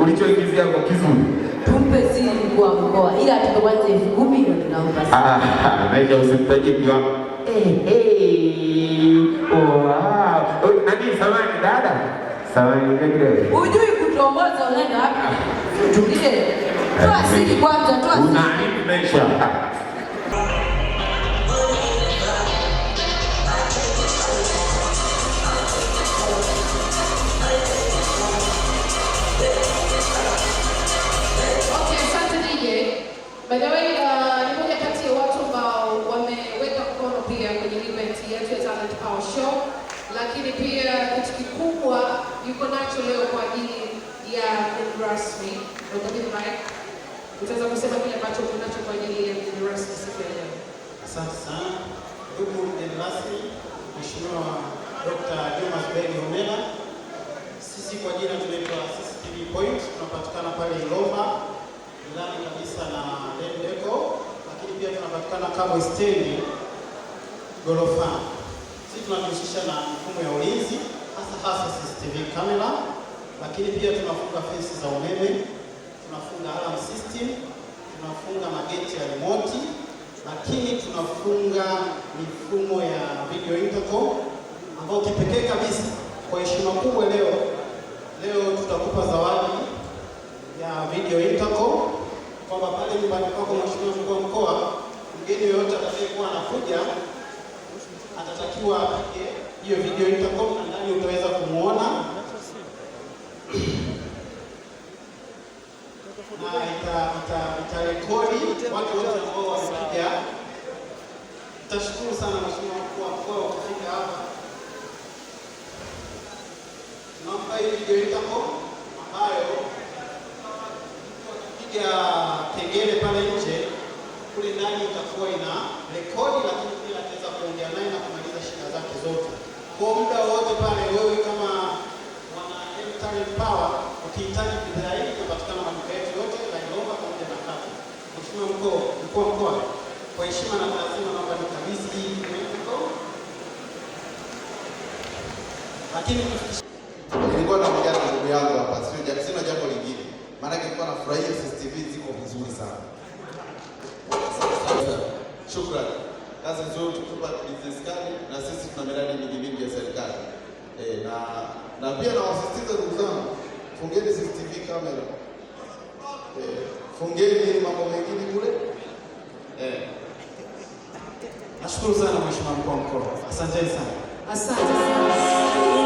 ulichoingizia kwa kizuri. Tumpe si kwa mkoa, ila tukwanze elfu kumi ndio tunaomba. Ah, maisha usitaje kwa eh eh. Wow. Oh, nani samani dada? Samani kile. Unajui kutomboza unaenda wapi? Ah, Tulie. Eh, toa siri kwanza, toa siri. Unaisha. By the way, uh, ni moja kati ya watu ambao wameweka mkono pia kwenye event yetu ya Talent Power Show, lakini pia kitu kikubwa yuko nacho leo kwa ajili ya rasmi utaweza kusema kile ambacho kunacho kwa ajili ya rasmi siku ya leo. Asante sana ndugu mgeni rasmi, Mheshimiwa Dr. Jonas Beni Homera. Sisi kwa jina tunaitwa CCTV Point, tunapatikana pale Ilomba ilani kabisa na DECO, lakini pia tunapatikana Kabwe stendi gorofani. Sisi tunajihusisha na mifumo ya ulinzi hasa hasa CCTV camera, lakini pia tunafunga fensi za umeme, tunafunga alarm system, tunafunga mageti ya remote, lakini tunafunga mifumo ya video intercom ambayo kipekee kabisa kwa heshima kubwa leo leo tutakupa zawadi ya video intercom lakini baada kwako Mheshimiwa Mkuu wa Mkoa, mgeni yoyote atakayekuwa anakuja atatakiwa apige hiyo video itakuwa ndani, utaweza kumwona na itarekodi watu wote ambao wamekuja. Tashukuru sana Mheshimiwa Mkuu wa Mkoa kwa kufika hapa. Tunaomba hii video itakuwa ambayo tutapiga kengele pale nje, kule ndani itakuwa ina rekodi, lakini pia ataweza kuongea naye na kumaliza shida zake zote kwa muda wote pale. Wewe kama mwana m Power ukihitaji bidhaa hii inapatikana maduka yetu yote na Ilomba pamoja na Kapu. Mheshimiwa mkuu mkuu wa mkoa, kwa heshima na lazima naomba nikabidhi hii kwa lakini nilikuwa naongea na ndugu yangu hapa, sio sina jambo lingine, maana nilikuwa nafurahia CCTV ziko vizuri. Shukrani. Kazi nzuri business card, na sisi tuna miradi mingi mingi ya serikali. Eh, na na pia nawasisitiza ndugu zangu, fungeni CCTV camera. Eh, fungeni mambo mengine kule. Eh. Nashukuru sana Mheshimiwa Mkuu wa Mkoa. Asante sana. Asante sana.